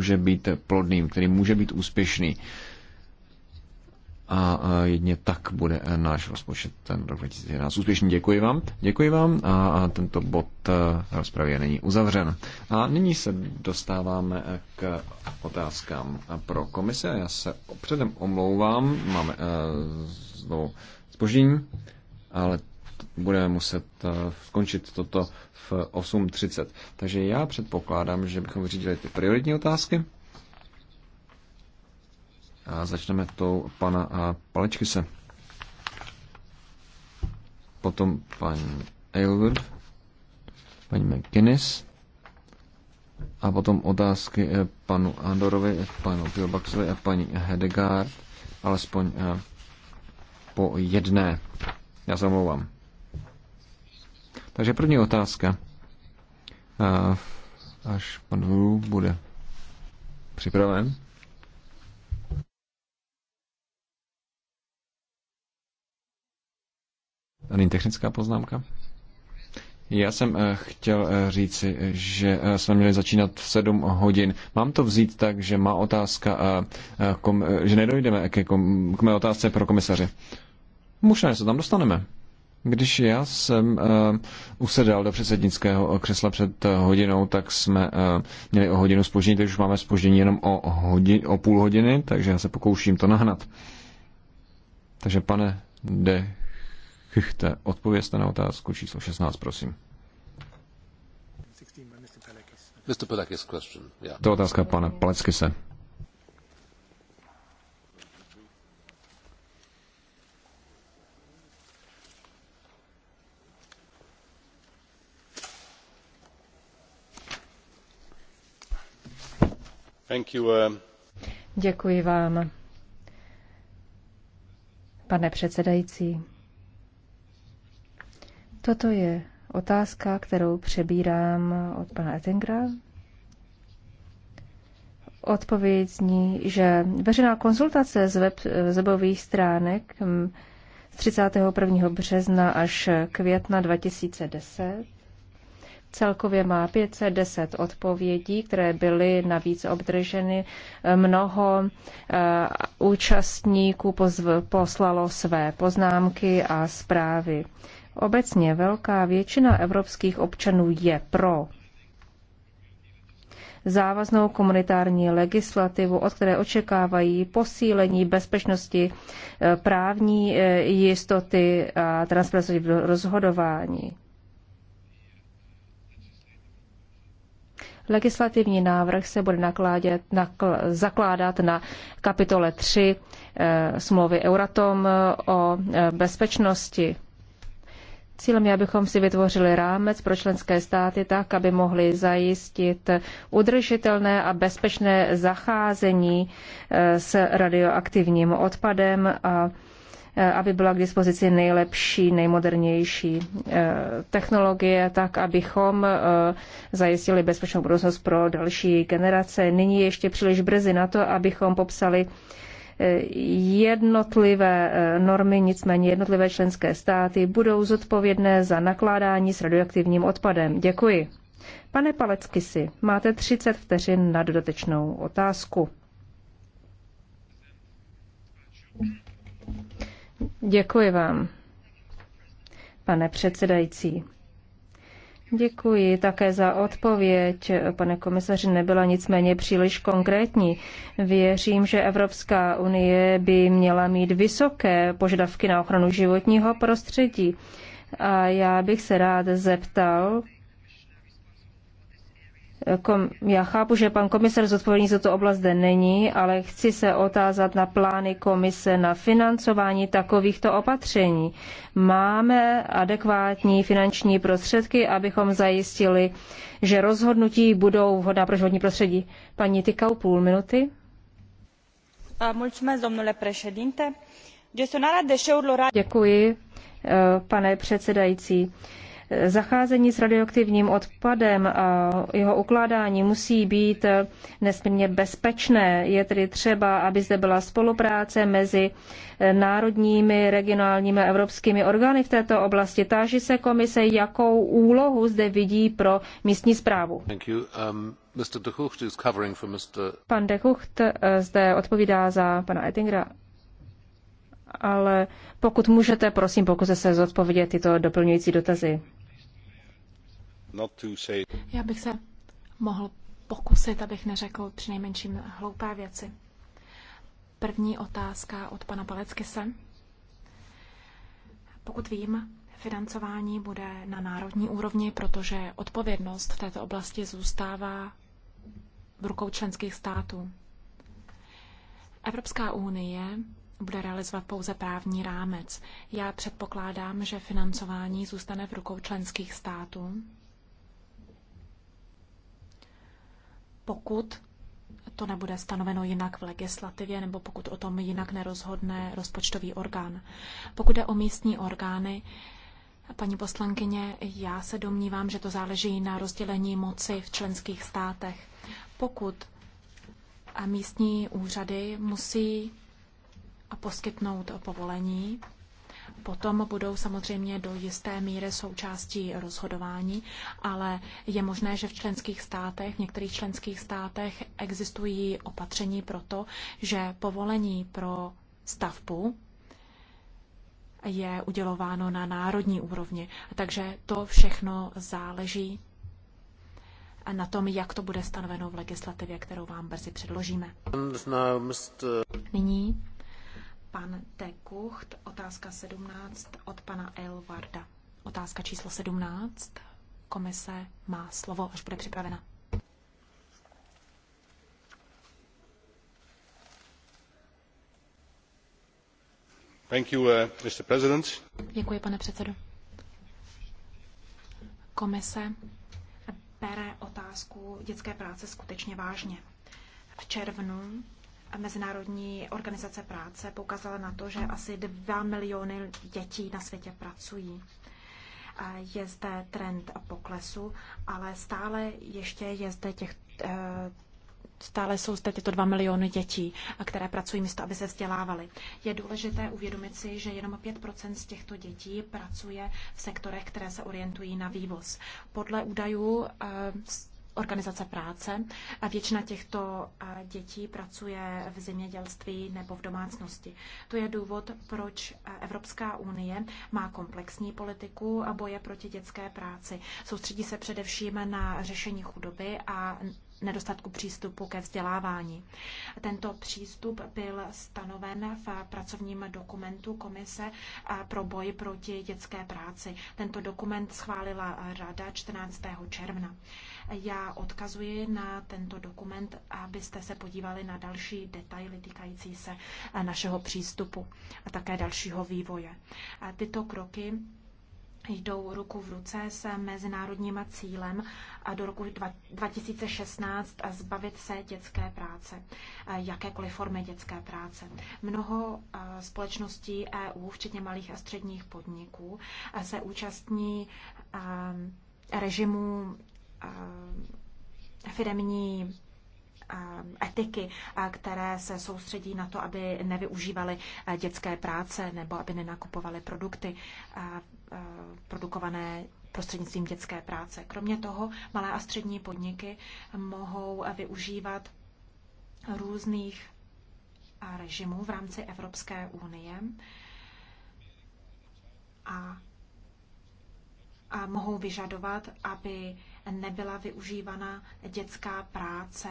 může být plodným, který může být úspěšný. A jedně tak bude náš rozpočet ten rok 2011 úspěšný. Děkuji vám. Děkuji vám a tento bod e, rozpravy není uzavřen. A nyní se dostáváme e, k otázkám e, pro komise. Já se předem omlouvám, máme znovu spoždění, ale budeme muset eh, skončit toto v 8.30. Takže já předpokládám, že bychom vyřídili ty prioritní otázky. A začneme tou pana a eh, Palečky se. Potom paní Aylwood, paní McGuinness a potom otázky eh, panu Andorovi, panu Pilbaxovi a paní Hedegaard, alespoň po jedné. Já se omlouvám. Takže první otázka. Až pan Hru bude připraven. A nyní technická poznámka. Já jsem eh, chtěl eh, říci, že eh, jsme měli začínat v 7 hodin. Mám to vzít tak, že má otázka, že nedojdeme k mé otázce pro komisaře. Možná se tam dostaneme. Když já jsem uh, usedal do předsednického křesla před uh, hodinou, tak jsme uh, měli o hodinu spoždění, takže už máme spoždění jenom o, hodin, o půl hodiny, takže já se pokouším to nahnat. Takže pane De Chichte, odpověste na otázku číslo 16, prosím. To je otázka pana Paleckise. Um, Děkuji vám, pane předsedající. Toto je otázka, kterou přebírám od pana Ettingera. Odpověď zní, že veřejná konzultace z, web, z webových stránek hm, z 31. března až května 2010 Celkově má 510 odpovědí, které byly navíc obdrženy. Mnoho eh, účastníků poslalo své poznámky a zprávy. Obecně velká většina evropských občanů je pro závaznou komunitární legislativu, od které očekávají posílení bezpečnosti, eh, právní eh, jistoty a transparentnosti rozhodování. Legislativní návrh se bude nakládět, nakl, zakládat na kapitole 3 e, eh, smlouvy Euratom eh, o e, bezpečnosti. Cílem je, abychom si vytvořili rámec pro členské státy tak, aby mohli zajistit udržitelné a bezpečné zacházení e, s radioaktivním odpadem a Eh, aby byla k dispozici nejlepší, nejmodernější eh, technologie, tak abychom eh, zajistili bezpečnou budoucnost pro další generace. Nyní ještě příliš brzy na to, abychom popsali jednotlivé normy, nicméně jednotlivé členské státy budou zodpovědné za nakládání s radioaktivním odpadem. Děkuji. Pane Palecky si, máte 30 vteřin na dodatečnou otázku. Děkuji vám, pane předsedající. Děkuji také za odpověď. Pane komisaři, nebyla nicméně příliš konkrétní. Věřím, že Evropská unie by měla mít vysoké požadavky na ochranu životního prostředí. A já bych se rád zeptal, Kom, já chápu, že pan komisar zodpovědný za to oblast zde není, ale chci se otázat na plány komise na financování takovýchto opatření. Máme adekvátní finanční prostředky, abychom zajistili, že rozhodnutí budou vhodná pro životní prostředí. Paní Tykau, půl minuty. Děkuji, eh, pane předsedající. Zacházení s radioaktivním odpadem a jeho ukládání musí být nesmírně bezpečné. Je tedy třeba, aby zde byla spolupráce mezi národními, regionálními a evropskými orgány v této oblasti. Táží se komise, jakou úlohu zde vidí pro místní zprávu. Um, de Mr... Pan de Hucht eh, zde odpovídá za pana Ettingera ale pokud můžete, prosím, pokud se zodpovědět tyto doplňující dotazy. Já bych se mohl pokusit, abych neřekl přinejmenším hloupé věci. První otázka od pana Paleckise. Pokud vím, financování bude na národní úrovni, protože odpovědnost v této oblasti zůstává v rukou členských států. Evropská unie bude realizovat pouze právní rámec. Já předpokládám, že financování zůstane v rukou členských států pokud to nebude stanoveno jinak v legislativě nebo pokud o tom jinak nerozhodne rozpočtový orgán. Pokud je o místní orgány, paní poslankyně, já se domnívám, že to záleží na rozdělení moci v členských státech. Pokud a místní úřady musí poskytnout povolení potom budou samozřejmě do jisté míry součástí rozhodování, ale je možné, že v členských státech, v některých členských státech existují opatření pro to, že povolení pro stavbu je udělováno na národní úrovni. Takže to všechno záleží na tom, jak to bude stanoveno v legislativě, kterou vám brzy předložíme. Nyní pan T. Kucht, otázka 17 od pana Elvarda. Otázka číslo 17. Komise má slovo, až bude připravena. Thank you, uh, Mr. President. Děkuji, pane předsedo. Komise bere otázku dětské práce skutečně vážně. V červnu Mezinárodní organizace práce poukázala na to, že asi 2 miliony dětí na světě pracují. Je zde trend poklesu, ale stále ještě je zde těch, eh, stále jsou zde tyto 2 miliony dětí, které pracují místo, aby se vzdělávaly. Je důležité uvědomit si, že jenom 5 z těchto dětí pracuje v sektorech, které se orientují na vývoz. Podle údajů eh, organizace práce. A většina těchto dětí pracuje v zemědělství nebo v domácnosti. To je důvod, proč Evropská unie má komplexní politiku a boje proti dětské práci. Soustředí se především na řešení chudoby a nedostatku přístupu ke vzdělávání. Tento přístup byl stanoven v pracovním dokumentu Komise pro boj proti dětské práci. Tento dokument schválila Rada 14. června. Já odkazuji na tento dokument, abyste se podívali na další detaily týkající se našeho přístupu a také dalšího vývoje. Tyto kroky jdou ruku v ruce s mezinárodním cílem a do roku 2016 zbavit se dětské práce, eh, jakékoliv formy dětské práce. Mnoho eh, společností EU, včetně malých a středních podniků, eh, se účastní režimu firemní etiky, které se soustředí na to, aby nevyužívali dětské práce nebo aby nenakupovali produkty. Eh, produkované prostřednictvím dětské práce. Kromě toho malé a střední podniky mohou využívat různých eh, režimů v rámci Evropské unie a, a mohou vyžadovat, aby nebyla využívána dětská práce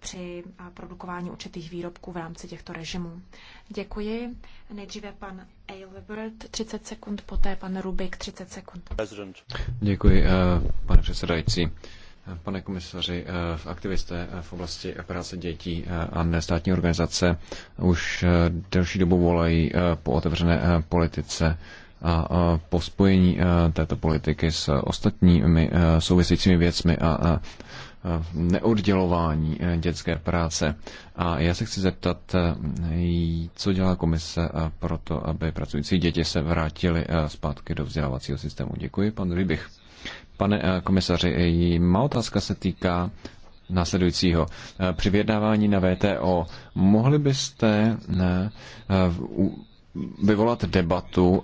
při produkování určitých výrobků v rámci těchto režimů. Děkuji. Nejdříve pan Eilbert 30 sekund, poté pan Rubik 30 sekund. Děkuji, eh, pane předsedající. Eh, pane komisaři, eh, aktivisté v oblasti práce dětí a nestátní organizace už delší dobu volají po otevřené politice a po spojení této politiky s ostatními souvisejícími věcmi a neoddělování e, dětské práce. A já se chci zeptat, e, co dělá komise pro to, aby pracující děti se vrátili e, zpátky do vzdělávacího systému. Děkuji, pan Rybich. Pane komisaři, má otázka se týká následujícího. Při vyjednávání na VTO mohli byste vyvolat debatu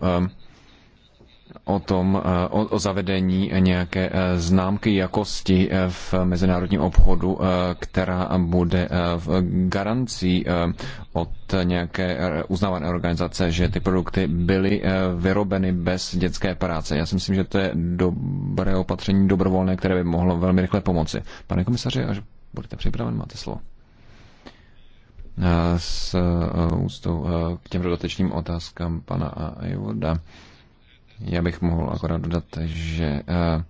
o tom, eh, o, o zavedení nějaké eh, známky jakosti eh, v mezinárodním obchodu, která bude garancí od nějaké uznávané organizace, že ty produkty byly vyrobeny bez dětské práce. Já si myslím, že to je dobré opatření dobrovolné, které by mohlo velmi rychle pomoci. Pane komisaři, až budete připraven, máte slovo s ústou k těm dodatečným otázkám pana Ajvoda. Já bych mohl akorát dodat, že eh, eh,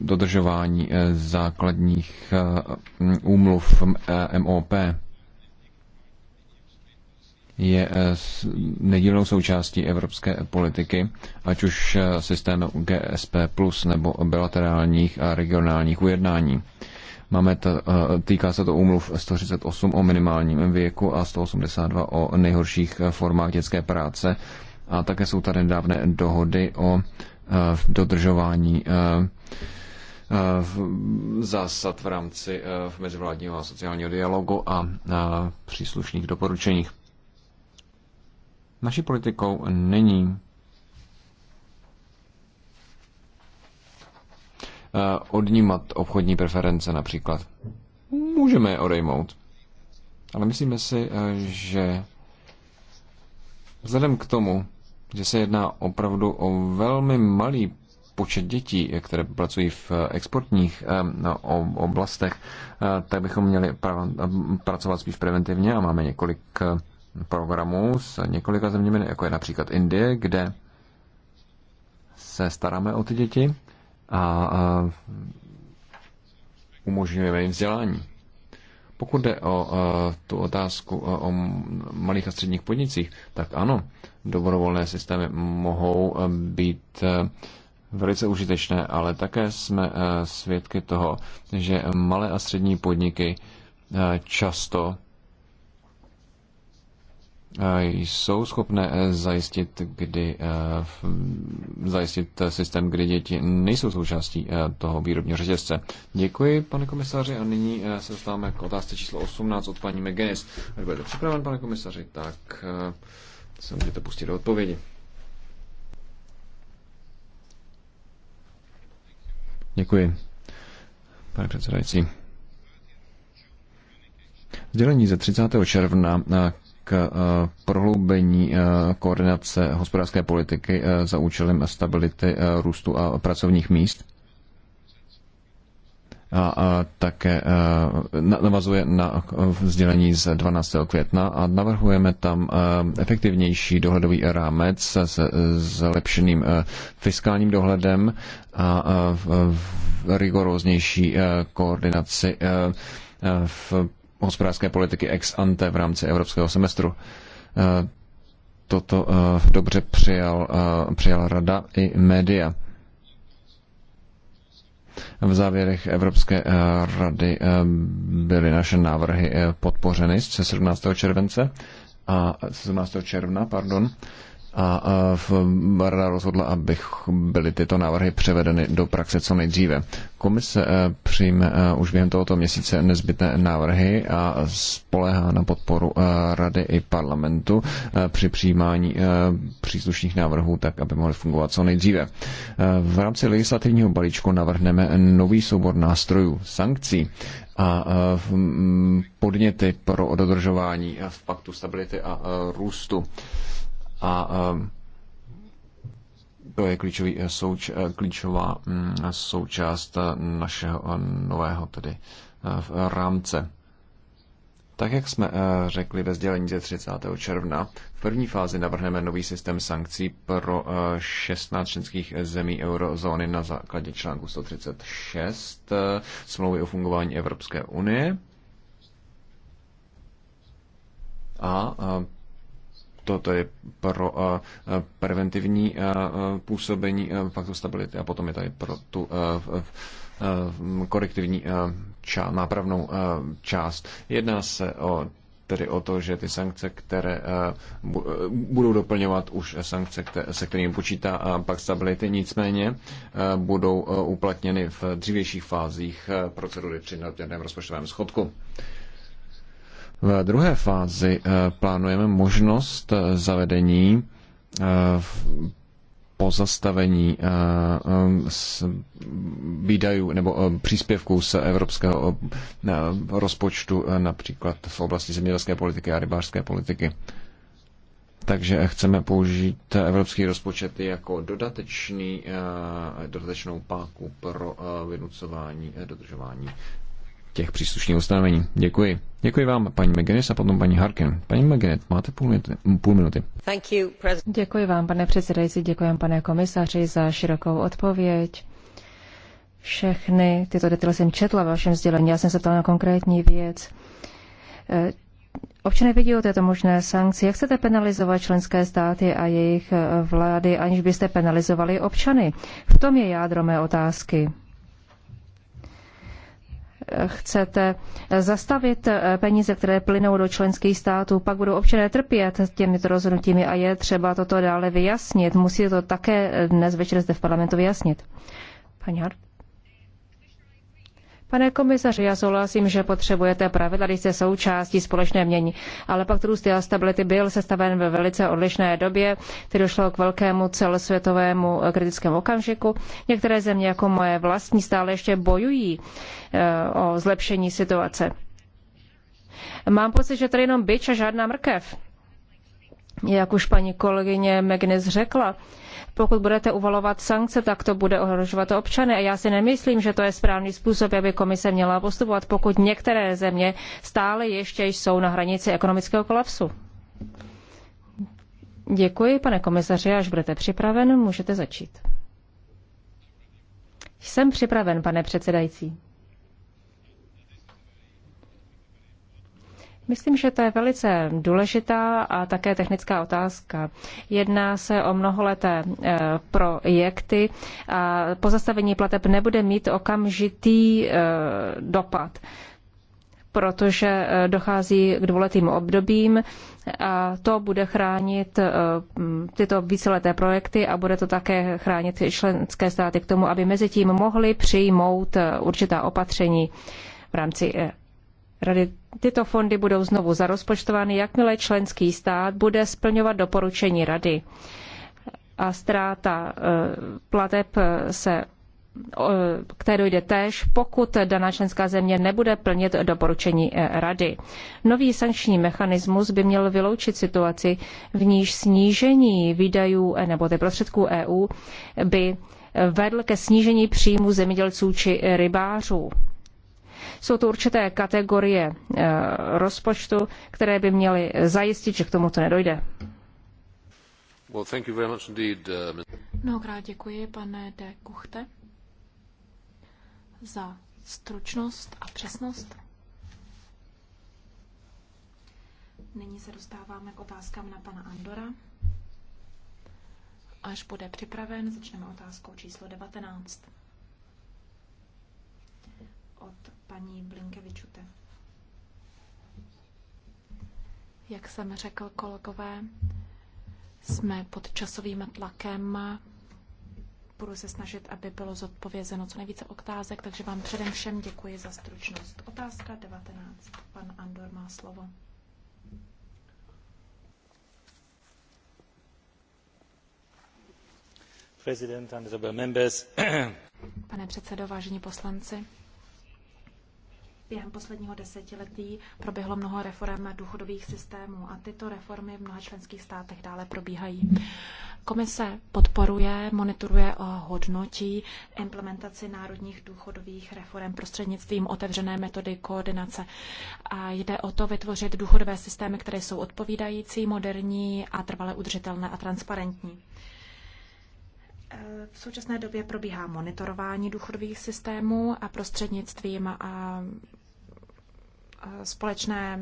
dodržování eh, základních úmluv MOP je nedílnou součástí evropské politiky, ať už systému GSP plus nebo bilaterálních a regionálních ujednání. Máme t, týká se to úmluv 138 o minimálním věku a 182 o nejhorších e, formách dětské práce. A také jsou tady dávné dohody o e, dodržování e, zásad v rámci mezivládního a sociálního dialogu a příslušných doporučeních. Naší politikou není Eh, odnímat obchodní preference například. Můžeme je odejmout. Ale myslíme si, eh, že vzhledem k tomu, že se jedná opravdu o velmi malý počet dětí, které pracují v eh, exportních no, oblastech, tak bychom měli pracovat spíš preventivně a máme několik programů s několika zeměmi, jako je například Indie, kde se staráme o ty děti a, a umožňujeme jim vzdělání. Pokud jde o a, tu otázku o, o malých a středních podnicích, tak ano, dobrovolné systémy mohou být velice užitečné, ale také jsme svědky toho, že malé a střední podniky často jsou schopné eh, zajistit, kdy, eh, zajistit eh, systém, kdy děti nejsou součástí toho výrobního řetězce. Děkuji, pane komisaři, a nyní se dostáváme k otázce číslo 18 od paní McGinnis. Ať budete připraven, pane komisaři, tak se můžete pustit do odpovědi. Děkuji, pane předsedající. Sdělení ze 30. června k eh, prohloubení eh, koordinace hospodářské politiky eh, za účelem stability růstu a pracovních míst. A, také navazuje na vzdělení z 12. května a navrhujeme tam efektivnější dohledový rámec s zlepšeným fiskálním dohledem a rigoróznější koordinaci v hospodářské politiky ex ante v rámci evropského semestru. Eh, toto eh, dobře přijal, eh, přijal rada i média. V závěrech Evropské rady byly naše návrhy podpořeny z 17. července a 17. června, pardon, a, a Rada rozhodla, aby byly tyto návrhy převedeny do praxe co nejdříve. Komise eh, přijme eh, už během tohoto měsíce nezbytné návrhy a spolehá na podporu eh, Rady i parlamentu při přijímání příslušných návrhů tak, aby mohly fungovat co nejdříve. V rámci legislativního balíčku navrhneme nový soubor nástrojů sankcí a podněty pro dodržování v paktu stability a růstu a ehm, to je klíčový, eh, souč, eh, klíčová mm, součást eh, našeho nového tedy rámce. Tak, jak jsme řekli ve sdělení ze 30. června, v první fázi navrhneme nový systém sankcí pro 16 členských zemí eurozóny na základě článku 136 smlouvy o fungování Evropské unie. A to je pro eh, preventivní eh, eh, působení faktor stability a potom je tady pro tu korektivní ča, nápravnou část. Jedná se o tedy o to, že ty sankce, které budou doplňovat už sankce, se kterými počítá pak stability, nicméně budou uplatněny v dřívějších fázích procedury při nadměrném rozpočtovém schodku. V druhé fázi eh, plánujeme možnost eh, zavedení eh, pozastavení výdajů nebo příspěvků z evropského rozpočtu, například v oblasti zemědělské politiky a rybářské politiky. Takže chceme použít evropský rozpočet jako dodatečný, dodatečnou páku pro vynucování dodržování těch příslušných ustanovení. Děkuji. Děkuji vám, paní McGinnis, a potom paní Harkin. Paní McGinnis, máte půl minuty. Půl minuty. Thank you, děkuji vám, pane předsedající, děkuji pane komisaři, za širokou odpověď. Všechny tyto detaily jsem četla ve vašem sdělení. Já jsem se ptala na konkrétní věc. Eh, občané vidí o této možné sankci. Jak chcete penalizovat členské státy a jejich eh, vlády, aniž byste penalizovali občany? V tom je jádro mé otázky chcete zastavit peníze, které plynou do členských států, pak budou občané trpět těmito rozhodnutími a je třeba toto dále vyjasnit. Musí to také dnes večer zde v parlamentu vyjasnit. Paní Hart. Pane komisaři, já souhlasím, že potřebujete pravidla, když se součástí společné mění, ale pak růst a stability byl sestaven ve velice odlišné době, kdy došlo k velkému celosvětovému eh, kritickému okamžiku. Některé země, jako moje vlastní, stále ještě bojují eh, o zlepšení situace. Mám pocit, že tady jenom byč a žádná mrkev jak už paní kolegyně Megnes řekla, pokud budete uvalovat sankce, tak to bude ohrožovat občany. A já si nemyslím, že to je správný způsob, aby komise měla postupovat, pokud některé země stále ještě jsou na hranici ekonomického kolapsu. Děkuji, pane komisaři, až budete připraven, můžete začít. Jsem připraven, pane předsedající. Myslím, že to je velice důležitá a také technická otázka. Jedná se o mnoholeté eh, projekty a pozastavení plateb nebude mít okamžitý eh, dopad, protože eh, dochází k dvouletým obdobím a to bude chránit tyto víceleté projekty a bude to také chránit členské státy k tomu, aby mezi tím mohly přijmout určitá opatření v rámci Rady tyto fondy budou znovu zarozpočtovány, jakmile členský stát bude splňovat doporučení Rady. A ztráta e, plateb se k té dojde též, pokud daná členská země nebude plnit doporučení e, Rady. Nový sankční mechanismus by měl vyloučit situaci, v níž snížení výdajů e, nebo ty prostředků EU by vedl ke snížení příjmu zemědělců či rybářů. Jsou to určité kategorie eh, rozpočtu, které by měly zajistit, že k tomuto nedojde. Uh, Mnohokrát děkuji, pane de Kuchte, za stručnost a přesnost. Nyní se dostáváme k otázkám na pana Andora. Až bude připraven, začneme otázkou číslo 19. Od paní Blinkevičute. Jak jsem řekl, kolegové, jsme pod časovým tlakem. Budu se snažit, aby bylo zodpovězeno co nejvíce otázek, takže vám předem všem děkuji za stručnost. Otázka 19. Pan Andor má slovo. Pane předsedo, vážení poslanci, Během posledního desetiletí proběhlo mnoho reform důchodových systémů a tyto reformy v mnoha členských státech dále probíhají. Komise podporuje, monitoruje a hodnotí implementaci národních důchodových reform prostřednictvím otevřené metody koordinace. A jde o to vytvořit důchodové systémy, které jsou odpovídající, moderní a trvale udržitelné a transparentní. Eh, v současné době probíhá monitorování důchodových systémů a prostřednictvím a eh, eh, společné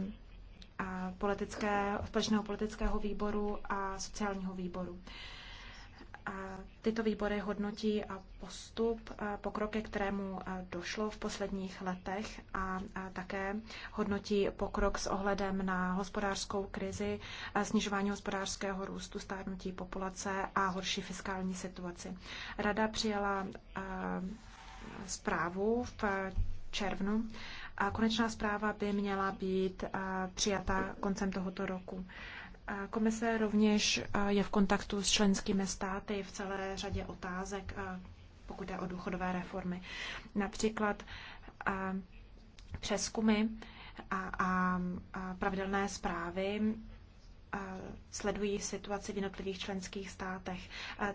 politické, společného politického výboru a sociálního výboru. Tyto výbory hodnotí postup, pokroky, kterému došlo v posledních letech a také hodnotí pokrok s ohledem na hospodářskou krizi, snižování hospodářského růstu, stárnutí populace a horší fiskální situaci. Rada přijala zprávu v červnu a konečná zpráva by měla být přijata koncem tohoto roku. Komise rovněž je v kontaktu s členskými státy v celé řadě otázek, pokud je o důchodové reformy. Například přeskumy a, a, a pravidelné zprávy sledují situaci v jednotlivých členských státech.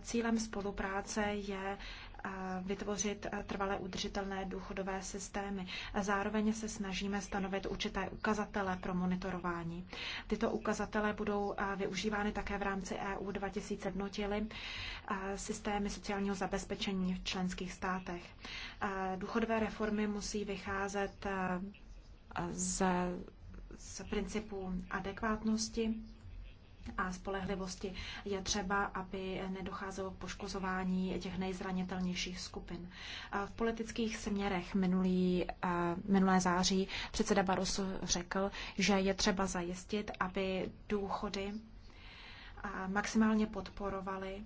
Cílem spolupráce je vytvořit eh, trvalé udržitelné důchodové systémy. Zároveň se snažíme stanovit určité ukazatele pro monitorování. Tyto ukazatele budou eh, využívány také v rámci EU 2000 notily systémy sociálního zabezpečení v členských státech. Eh, důchodové reformy musí vycházet z, z principu adekvátnosti a spolehlivosti je třeba, aby nedocházelo k poškozování těch nejzranitelnějších skupin. V politických směrech minulý, minulé září předseda Barroso řekl, že je třeba zajistit, aby důchody maximálně podporovaly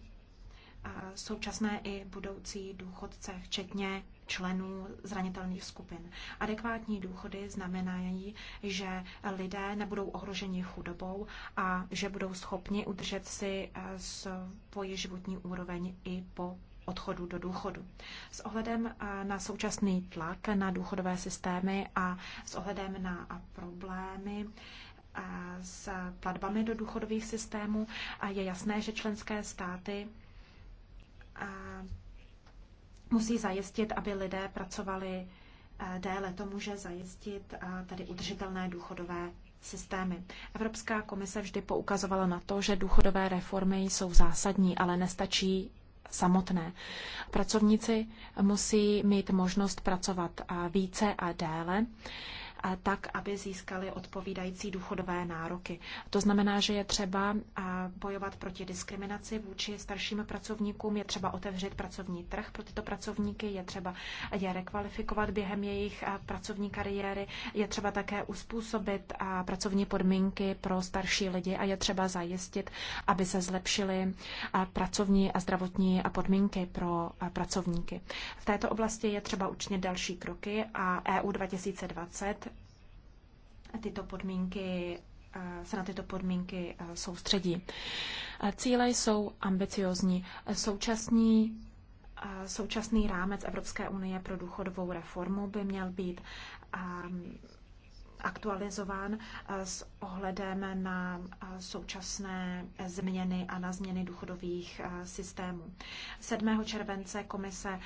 současné i budoucí důchodce, včetně členů zranitelných skupin. Adekvátní důchody znamenají, že lidé nebudou ohroženi chudobou a že budou schopni udržet si eh, svoji životní úroveň i po odchodu do důchodu. S ohledem eh, na současný tlak na důchodové systémy a s ohledem na problémy eh, s platbami do důchodových systémů je jasné, že členské státy musí zajistit, aby lidé pracovali eh, déle. To může zajistit eh, tady udržitelné důchodové systémy. Evropská komise vždy poukazovala na to, že důchodové reformy jsou zásadní, ale nestačí samotné. Pracovníci musí mít možnost pracovat eh, více a déle tak, aby získali odpovídající důchodové nároky. To znamená, že je třeba bojovat proti diskriminaci vůči starším pracovníkům, je třeba otevřít pracovní trh pro tyto pracovníky, je třeba je rekvalifikovat během jejich pracovní kariéry, je třeba také uspůsobit pracovní podmínky pro starší lidi a je třeba zajistit, aby se zlepšily pracovní a zdravotní podmínky pro pracovníky. V této oblasti je třeba učinit další kroky a EU 2020 tyto podmínky eh, se na tyto podmínky eh, soustředí. Eh, cíle jsou ambiciozní. Současný, Současný rámec Evropské unie pro důchodovou reformu by měl být aktualizován eh, s ohledem na eh, současné změny a na změny důchodových eh, systémů. 7. července komise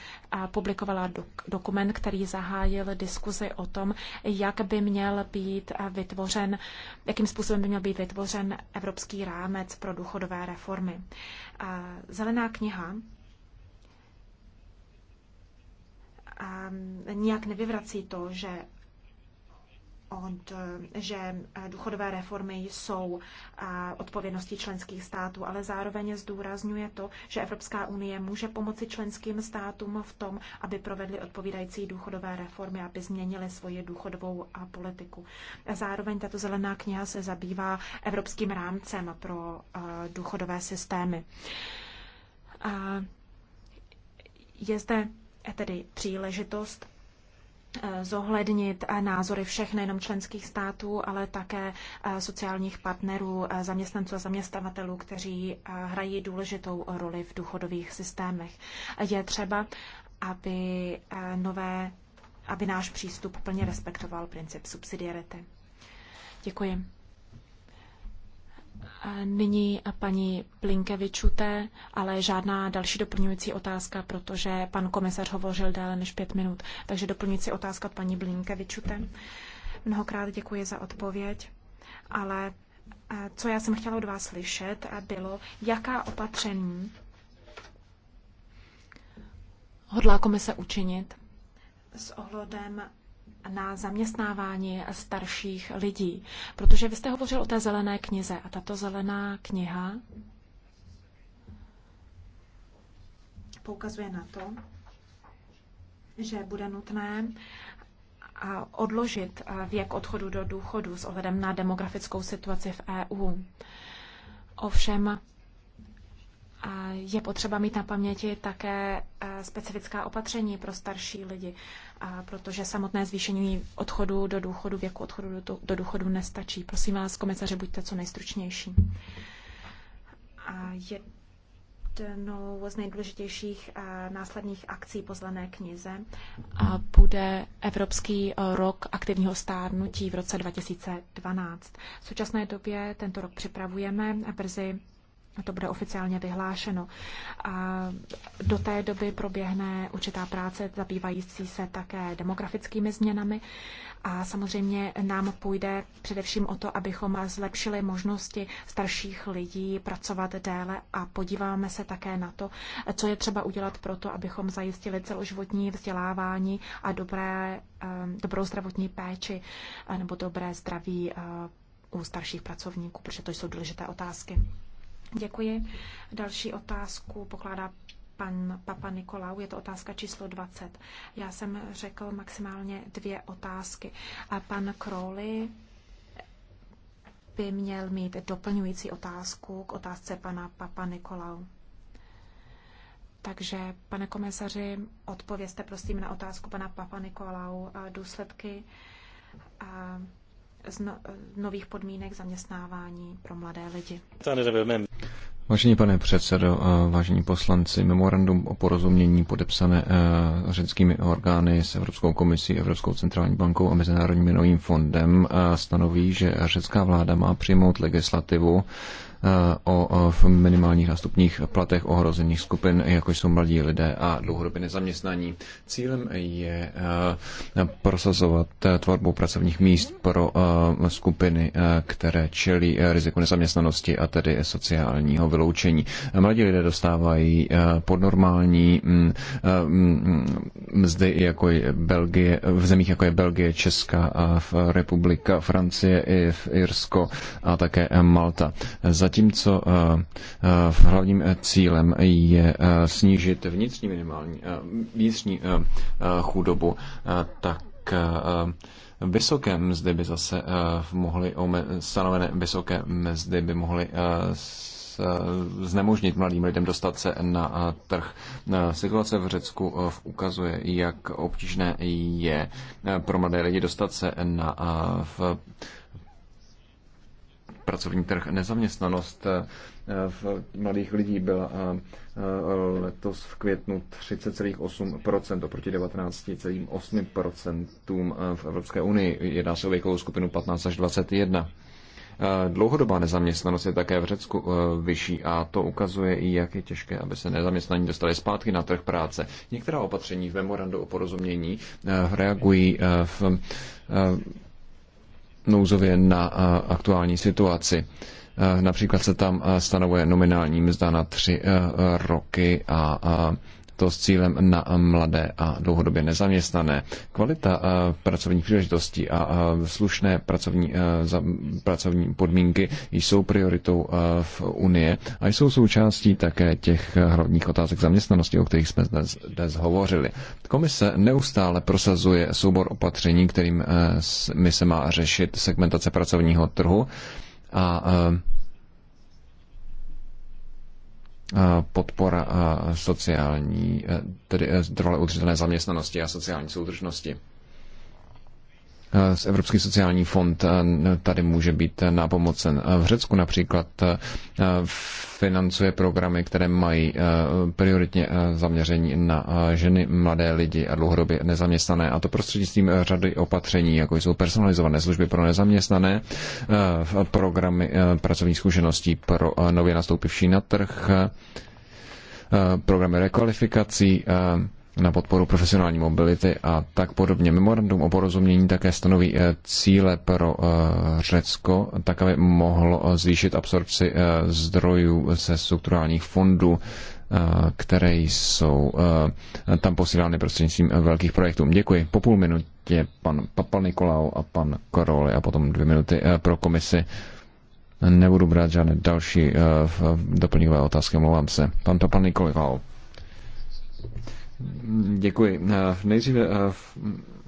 publikovala dokument, který zahájil diskuzi o tom, jak by měl být vytvořen, jakým způsobem by měl být vytvořen evropský rámec pro důchodové reformy. Zelená kniha nijak nevyvrací to, že od, že eh, důchodové reformy jsou eh, odpovědností členských států, ale zároveň zdůrazňuje to, že Evropská unie může pomoci členským státům v tom, aby provedli odpovídající důchodové reformy, aby změnili svoji důchodovou eh, politiku. Zároveň tato zelená kniha se zabývá evropským rámcem pro důchodové systémy. Je zde tedy příležitost Eh, zohlednit eh, názory všech nejenom členských států, ale také eh, sociálních partnerů, zaměstnanců a zaměstnavatelů, kteří hrají důležitou roli v důchodových systémech. Je třeba, aby nové aby náš přístup plně respektoval princip subsidiarity. Děkuji. Nyní paní Plinkevičuté, ale žádná další doplňující otázka, protože pan komisař hovořil déle než pět minut. Takže doplňující otázka paní Plinkevičuté. Mnohokrát děkuji za odpověď, ale co já jsem chtěla od vás slyšet, bylo, jaká opatření hodlá komise učinit s ohledem na zaměstnávání starších lidí. Protože vy jste hovořil o té zelené knize a tato zelená kniha poukazuje na to, že bude nutné odložit věk odchodu do důchodu s ohledem na demografickou situaci v EU. Ovšem, je potřeba mít na paměti také eh, specifická opatření pro starší lidi, protože samotné zvýšení odchodu do důchodu, věku odchodu do, důchodu nestačí. Prosím vás, komisaře, buďte co nejstručnější. A jednou z nejdůležitějších eh, následných akcí po zelené knize bude Evropský eh, rok aktivního stárnutí v roce 2012. V současné době tento rok připravujeme a brzy to bude oficiálně vyhlášeno. A do té doby proběhne určitá práce zabývající se také demografickými změnami a samozřejmě nám půjde především o to, abychom zlepšili možnosti starších lidí pracovat déle a podíváme se také na to, co je třeba udělat pro to, abychom zajistili celoživotní vzdělávání a dobré, eh, dobrou zdravotní péči eh, nebo dobré zdraví eh, u starších pracovníků, protože to jsou důležité otázky. Děkuji. Další otázku pokládá pan Papa Nikolau, je to otázka číslo 20. Já jsem řekl maximálně dvě otázky. A pan Crowley by měl mít doplňující otázku k otázce pana Papa Nikolau. Takže, pane komisaři, odpovězte prosím na otázku pana Papa Nikolau a důsledky a z no, eh, nových podmínek zaměstnávání pro mladé lidi. Vážený pane předsedo, vážení poslanci, memorandum o porozumění podepsané eh, řeckými orgány s Evropskou komisí, Evropskou centrální bankou a Mezinárodním měnovým fondem eh, stanoví, že řecká vláda má přijmout legislativu o minimálních nástupních platech ohrozených skupin, jako jsou mladí lidé a dlouhodobě nezaměstnaní. Cílem je e, prosazovat tvorbu pracovních míst pro e, skupiny, e, které čelí riziku nezaměstnanosti a tedy sociálního vyloučení. Mladí lidé dostávají podnormální mm, mm, mzdy jako je Belgie, v zemích jako je Belgie, Česká republika, Francie, i v Irsko a také Malta. Za zatímco eh, eh, hlavním eh, cílem je snížit vnitřní minimální, vnitřní chudobu, tak vysoké mzdy by zase mohly, stanovené vysoké mzdy by mohly znemožnit mladým lidem dostat se na trh. Situace v Řecku ukazuje, jak obtížné je pro mladé lidi dostat se na v pracovní trh. Nezaměstnanost eh, v mladých lidí byla eh, eh, letos v květnu 30,8% oproti 19,8% v Evropské unii. Jedná se o věkovou skupinu 15 až 21. Dlouhodobá nezaměstnanost je také v Řecku vyšší a to ukazuje i, jak je těžké, aby se nezaměstnaní dostali zpátky na trh práce. Některá opatření v memorandu o porozumění reagují v nouzově na aktuální situaci. Například se tam stanovuje nominální mzda na tři roky a to s cílem na mladé a dlouhodobě nezaměstnané. Kvalita eh, pracovních příležitostí a eh, slušné pracovní, eh, pracovní podmínky jsou prioritou v Unie a jsou součástí také těch hlavních otázek zaměstnanosti, o kterých jsme dnes, dnes hovořili. Komise neustále prosazuje soubor opatření, kterým mi se má řešit segmentace pracovního trhu a Eh, podpora eh, sociální, eh, tedy trvale udržitelné zaměstnanosti a sociální soudržnosti. Eh, z Evropský sociální fond eh, tady může být nápomocen. Eh, v Řecku například financuje programy, které mají prioritně zaměření na ženy, mladé lidi a dlouhodobě nezaměstnané. A to prostřednictvím řady opatření, jako jsou personalizované služby pro nezaměstnané, programy pracovních zkušeností pro nově nastoupivší na trh, programy rekvalifikací, na podporu profesionální mobility a tak podobně. Memorandum o porozumění také stanoví eh, cíle pro eh, Řecko, tak aby mohlo eh, zvýšit absorpci zdrojů ze strukturálních fondů, které jsou tam posílány prostřednictvím velkých projektů. Děkuji. Po půl minutě pan Papal Nikolau a pan Koroli a potom dvě minuty pro komisi. Nebudu brát žádné další doplňové otázky, mluvám se. Pan Papal Nikolau. Děkuji. Eh, nejdříve eh,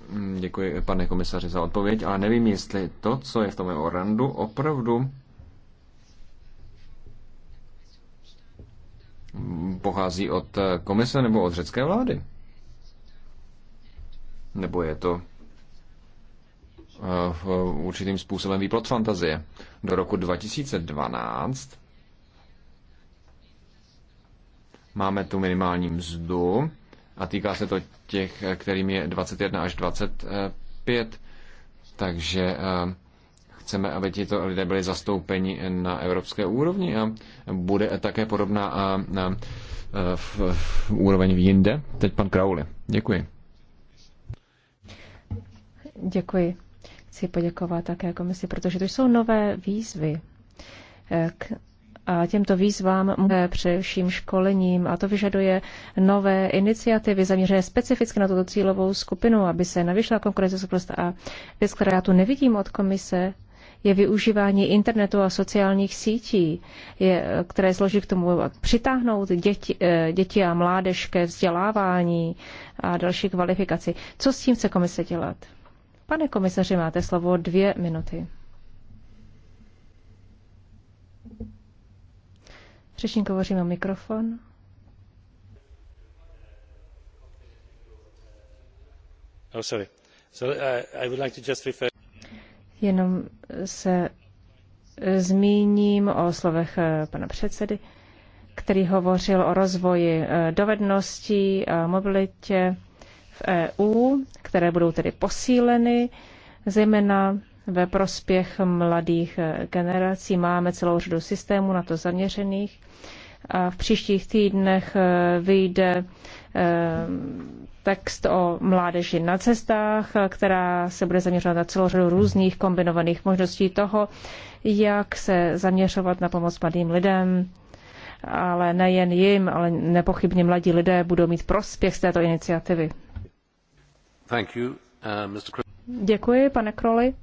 mm, děkuji, pane komisaři, za odpověď, ale nevím, jestli to, co je v tom orandu, opravdu pochází od eh, komise nebo od řecké vlády. Nebo je to v určitým způsobem výplot fantazie. Do roku 2012 máme tu minimální mzdu, a týká se to těch, eh, kterým je 21 až 25. Takže eh, chceme, aby tito lidé byli zastoupeni na evropské úrovni a bude také podobná a eh, na, v, v úroveň jinde. Teď pan Krauli. Děkuji. Děkuji. Chci poděkovat také komisi, protože to jsou nové výzvy, k, a těmto výzvám může především školením a to vyžaduje nové iniciativy zaměřené specificky na tuto cílovou skupinu, aby se navyšla konkurenceschopnost a věc, která já tu nevidím od komise, je využívání internetu a sociálních sítí, je, které složí k tomu přitáhnout děti, eh, děti a mládež ke vzdělávání a další kvalifikaci. Co s tím chce komise dělat? Pane komisaři, máte slovo dvě minuty. Řečník hovoří na mikrofon. Oh, sorry. So, uh, I would like to just refer... Jenom se eh, zmíním o slovech eh, pana předsedy, který hovořil o rozvoji eh, dovedností a mobilitě v EU, které budou tedy posíleny, zejména ve prospěch mladých eh, generací. Máme celou řadu systémů na to zaměřených. A v příštích týdnech eh, vyjde eh, text o mládeži na cestách, která se bude zaměřovat na celou řadu různých kombinovaných možností toho, jak se zaměřovat na pomoc mladým lidem, ale nejen jim, ale nepochybně mladí lidé budou mít prospěch z této iniciativy. Thank you, uh, Mr. Děkuji, pane Kroli.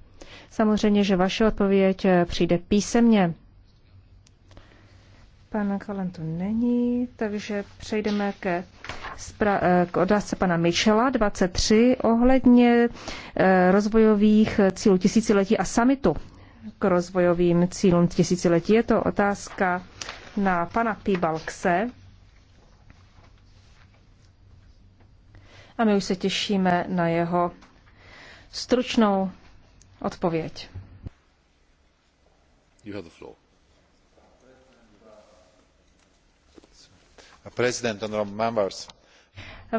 Samozřejmě, že vaše odpověď eh, přijde písemně. Pan Kalen tu není, takže přejdeme ke eh, k otázce pana Michela 23 ohledně eh, rozvojových cílů tisíciletí a samitu k rozvojovým cílům tisíciletí. Je to otázka na pana Pibalkse. A my už se těšíme na jeho stručnou odpověď. You have the floor. President, members,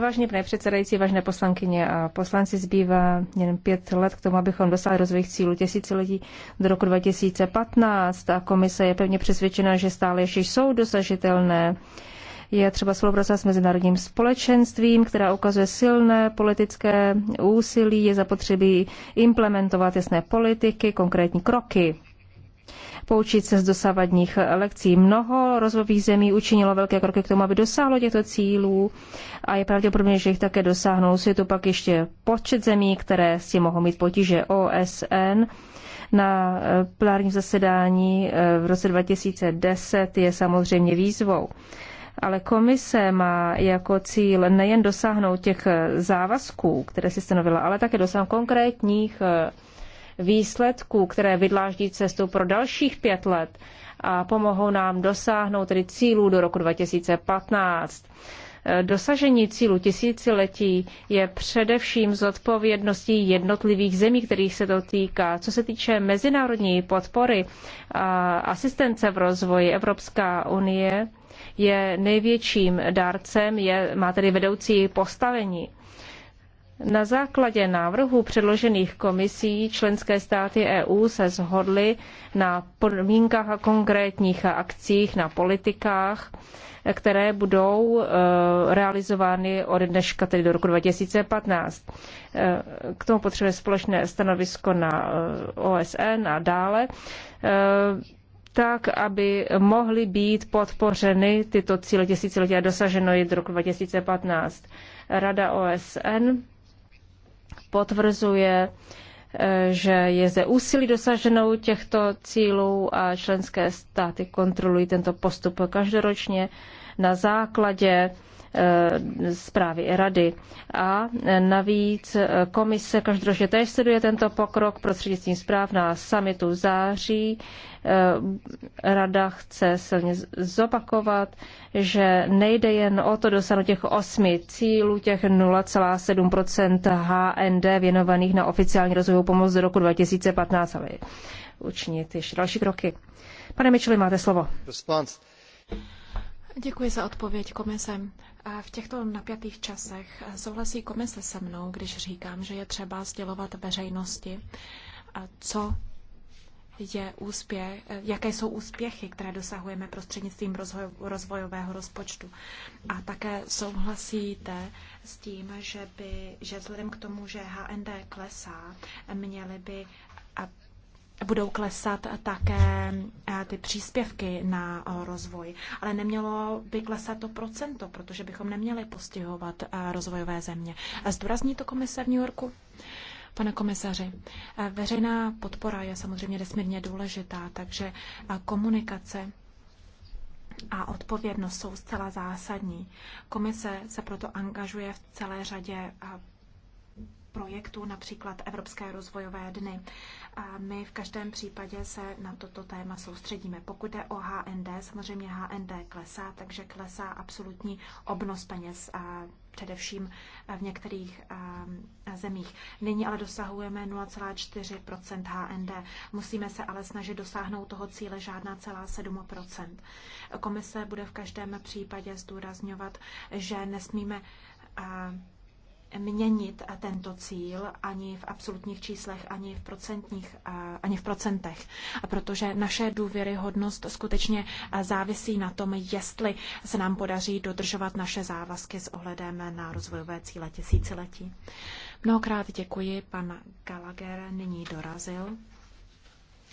Vážně pane předsedající, vážné poslankyně a poslanci, zbývá jen pět let k tomu, abychom dosáhli rozvojových cílů lidí do roku 2015 a komise je pevně přesvědčena, že stále ještě jsou dosažitelné. Je třeba spolupracovat s mezinárodním společenstvím, která ukazuje silné politické úsilí, je zapotřebí implementovat jasné politiky, konkrétní kroky poučit se z dosavadních lekcí. Mnoho rozvojových zemí učinilo velké kroky k tomu, aby dosáhlo těchto cílů a je pravděpodobně, že jich také dosáhnou. Je to pak ještě počet zemí, které s tím mohou mít potíže OSN. Na eh, plárním zasedání eh, v roce 2010 je samozřejmě výzvou ale komise má jako cíl nejen dosáhnout těch závazků, které si stanovila, ale také dosáhnout konkrétních eh, výsledků, které vydláždí cestu pro dalších pět let a pomohou nám dosáhnout tedy cílů do roku 2015. Eh, dosažení cílu tisíciletí je především zodpovědností jednotlivých zemí, kterých se to týká. Co se týče mezinárodní podpory a asistence v rozvoji Evropská unie, je největším dárcem, je, má tedy vedoucí postavení. Na základě návrhů předložených komisí členské státy EU se shodly na podmínkách a konkrétních akcích, na politikách, které budou e, realizovány od dneška, tedy do roku 2015. E, k tomu potřebuje společné stanovisko na e, OSN a dále tak, aby mohly být podpořeny tyto cíle tisíciletí a dosaženo je do roku 2015. Rada OSN potvrzuje, eh, že je zde úsilí dosaženou těchto cílů a členské státy kontrolují tento postup každoročně na základě Eh, zprávy rady. A navíc eh, komise každoročně též sleduje tento pokrok prostřednictvím zpráv na summitu v září. Eh, Rada chce silně zopakovat, že nejde jen o to dosáhnout těch osmi cílů, těch 0,7 HND věnovaných na oficiální rozvojovou pomoc do roku 2015, ale učinit ještě další kroky. Pane Mičeli, máte slovo. Děkuji za odpověď komise v těchto napjatých časech souhlasí komise se mnou, když říkám, že je třeba sdělovat veřejnosti, co je úspěch, jaké jsou úspěchy, které dosahujeme prostřednictvím rozvoj, rozvojového rozpočtu. A také souhlasíte s tím, že by, že vzhledem k tomu, že HND klesá, měly by budou klesat také eh, ty příspěvky na eh, rozvoj. Ale nemělo by klesat to procento, protože bychom neměli postihovat eh, rozvojové země. Zdůrazní to komise v New Yorku? Pane komisaři, veřejná podpora je samozřejmě nesmírně důležitá, takže komunikace a odpovědnost jsou zcela zásadní. Komise se proto angažuje v celé řadě projektů, například Evropské rozvojové dny. A my v každém případě se na toto téma soustředíme. Pokud je o HND, samozřejmě HND klesá, takže klesá absolutní obnos peněz, a především v některých ehm, zemích. Nyní ale dosahujeme 0,4 HND. Musíme se ale snažit dosáhnout toho cíle žádná celá 7 Komise bude v každém případě zdůrazňovat, že nesmíme ehm, měnit tento cíl ani v absolutních číslech, ani v, procentních, ani v procentech, protože naše důvěryhodnost skutečně závisí na tom, jestli se nám podaří dodržovat naše závazky s ohledem na rozvojové cíle tisíciletí. Mnohokrát děkuji, pan Gallagher nyní dorazil.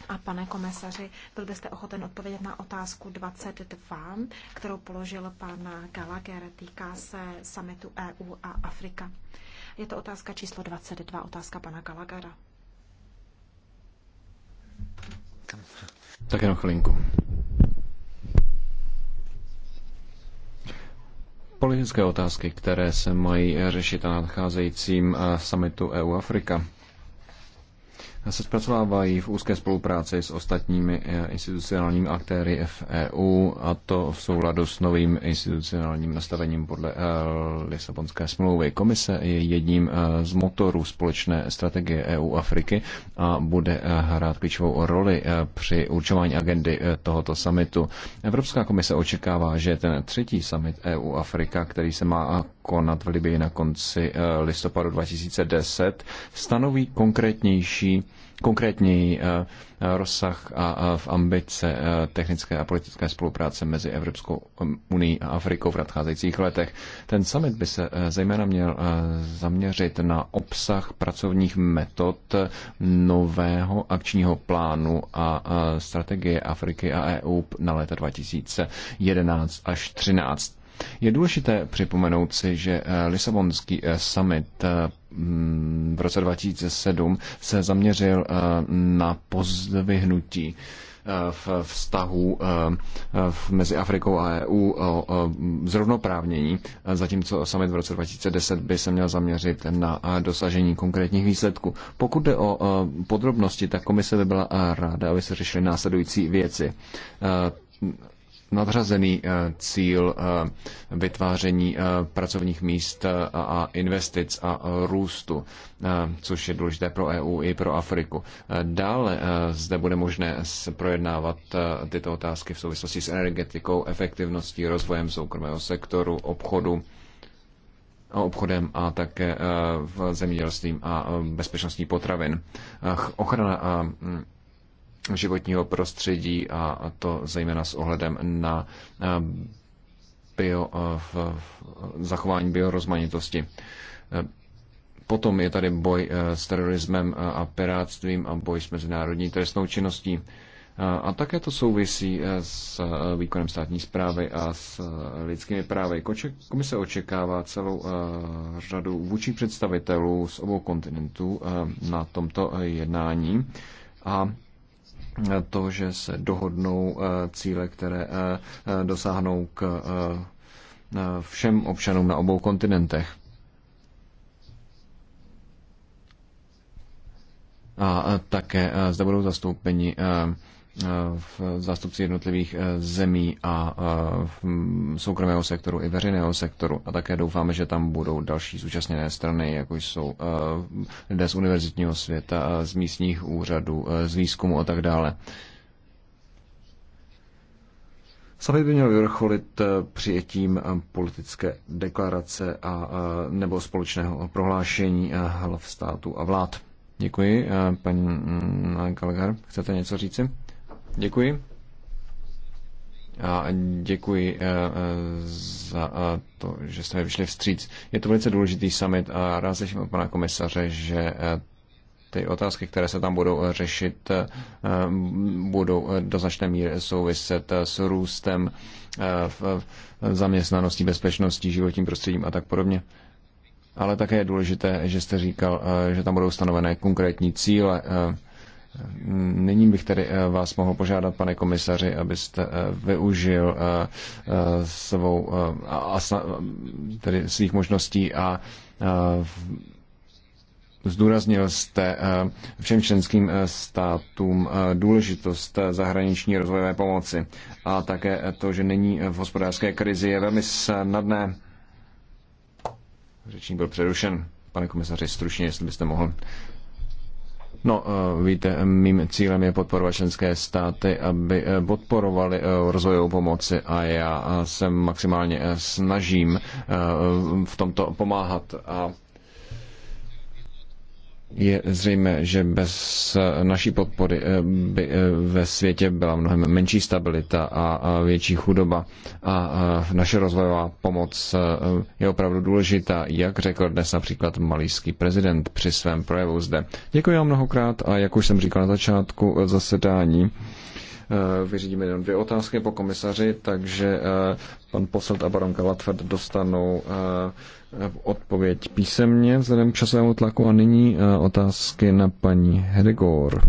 A pane komisaři, byl byste ochoten odpovědět na otázku 22, kterou položil pan Gallagher, týká se samitu EU a Afrika. Je to otázka číslo 22, otázka pana Gallaghera. Tak jenom chvilinku. Politické otázky, které se mají řešit na nadcházejícím eh, samitu EU-Afrika se zpracovávají v úzké spolupráci s ostatními eh, institucionálními aktéry v EU a to v souladu s novým institucionálním nastavením podle eh, Lisabonské smlouvy. Komise je jedním eh, z motorů společné strategie EU Afriky a bude hrát klíčovou roli při určování agendy tohoto summitu. Evropská komise očekává, že ten třetí summit EU Afrika, který se má konat v Libii na konci eh, listopadu 2010, stanoví konkrétnější konkrétní eh, eh, rozsah a v ambice technické a politické spolupráce mezi Evropskou unii a Afrikou v nadcházejících letech. Ten summit by se zejména měl zaměřit na obsah pracovních metod nového akčního plánu a strategie Afriky a EU na léta 2011 až 2013. Je důležité připomenout si, že eh, Lisabonský eh, summit eh, mm, v roce 2007 se zaměřil na pozvyhnutí v vztahu mezi Afrikou a EU o zrovnoprávnění, zatímco summit v roce 2010 by se měl zaměřit na dosažení konkrétních výsledků. Pokud jde o podrobnosti, tak komise by byla ráda, aby se řešily následující věci nadřazený eh, cíl eh, vytváření eh, pracovních míst a investic a růstu, což je důležité pro EU i pro Afriku. Dále zde bude možné projednávat tyto otázky v souvislosti s energetikou, efektivností, rozvojem soukromého sektoru, obchodu, obchodem a také v zemědělstvím a bezpečnostní potravin. Ochrana životního prostředí a to zejména s ohledem na eh, bio, eh, zachování biorozmanitosti. Eh, potom je tady boj s terorismem a pirátstvím a boj s mezinárodní trestnou činností. A také to souvisí s výkonem státní zprávy a s lidskými právy. Komise očekává celou řadu vůči představitelů z obou kontinentů na tomto jednání. A to, že se dohodnou eh, cíle, které eh, eh, dosáhnou k všem občanům na obou kontinentech. A také zde budou zastoupeni v zástupci jednotlivých eh, zemí a eh, soukromého sektoru i veřejného sektoru. A také doufáme, že tam budou další zúčastněné strany, jako jsou eh, lidé z univerzitního světa, z místních úřadů, z výzkumu a tak dále. Sami by měl vyvrcholit přijetím politické deklarace a, nebo společného prohlášení hlav států a vlád. Děkuji. Paní Kalgar. Mm, chcete něco říci? Děkuji. A děkuji eh, eh, za eh, to, že jste vyšli vstříc. Je to velice důležitý summit a rád slyším od pana komisaře, že ty otázky, které se tam budou řešit, budou do značné míry souviset s růstem v zaměstnanosti, bezpečnosti, životním prostředím a tak podobně. Ale také je důležité, že jste říkal, že tam budou stanovené konkrétní cíle Nyní bych tedy eh, vás mohl požádat, pane komisaři, abyste eh, využil eh, svou, tedy svých možností a Zdůraznil jste všem členským státům důležitost zahraniční rozvojové pomoci a také to, že není v hospodářské krizi, je velmi snadné. Řečník byl přerušen. Pane komisaři, stručně, jestli byste mohl No, eh, víte, mým cílem je podporovat členské státy, aby eh, podporovali eh, rozvojovou pomoci a já se maximálně snažím v tomto pomáhat a je zřejmé, že bez eh, naší podpory eh, by eh, ve světě byla mnohem menší stabilita a větší chudoba. A naše rozvojová pomoc je opravdu důležitá, jak řekl dnes například malýský prezident při svém projevu zde. Děkuji vám mnohokrát a jak už jsem říkal na začátku zasedání, Eh, vyřídíme jenom dvě otázky po komisaři, takže eh, pan posled a baronka Latford dostanou eh, odpověď písemně vzhledem k časovému tlaku a nyní otázky na paní Hedegor.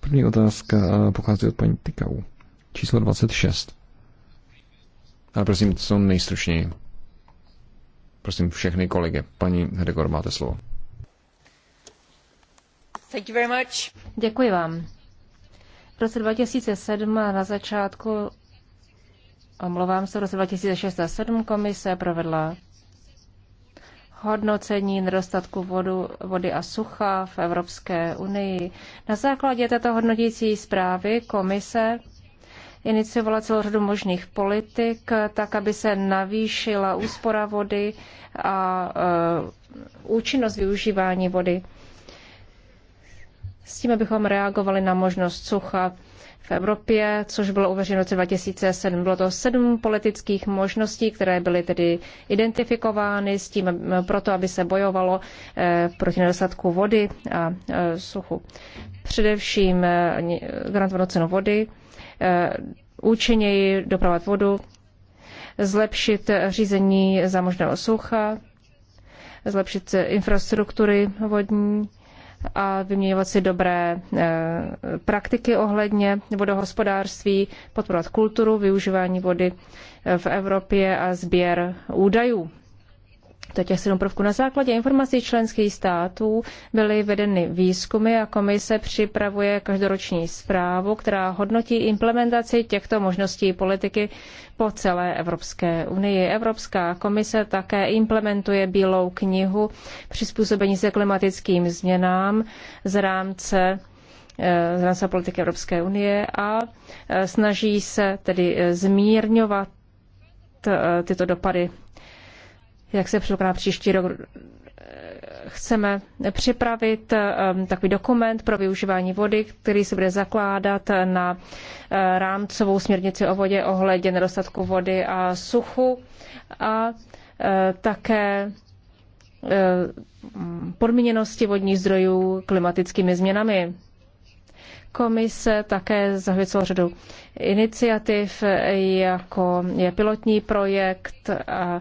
První otázka pochází od paní Tykau. Číslo 26. Ale prosím, co nejstručněji. Prosím všechny kolegy. Paní Hedegor, máte slovo. Děkuji vám. V roce 2007 na začátku, omlouvám se, v roce 2006 a 2007 komise provedla hodnocení nedostatku vodu, vody a sucha v Evropské unii. Na základě této hodnotící zprávy komise iniciovala celou řadu možných politik, tak aby se navýšila úspora vody a e, účinnost využívání vody s tím, abychom reagovali na možnost sucha v Evropě, což bylo uveřejeno v roce 2007. Bylo to sedm politických možností, které byly tedy identifikovány s tím proto, aby se bojovalo eh, proti nedostatku vody a eh, suchu. Především eh, garantovanou cenu vody, účinněji dopravat vodu, zlepšit řízení za možného sucha, zlepšit infrastruktury vodní, a vyměňovat si dobré eh, praktiky ohledně vodohospodářství, podporovat kulturu, využívání vody eh, v Evropě a sběr údajů to těch sedm prvků. Na základě informací členských států byly vedeny výzkumy a komise připravuje každoroční zprávu, která hodnotí implementaci těchto možností politiky po celé Evropské unii. Evropská komise také implementuje Bílou knihu přizpůsobení se klimatickým změnám z rámce eh, z rámce politiky Evropské unie a eh, snaží se tedy eh, zmírňovat tyto dopady jak se předpokládá příští rok, eh, chceme připravit eh, takový dokument pro využívání vody, který se bude zakládat na eh, rámcovou směrnici o vodě ohledně nedostatku vody a suchu a také podmíněnosti vodních zdrojů klimatickými změnami. Komise také zahajuje celou řadu iniciativ, jako je pilotní projekt a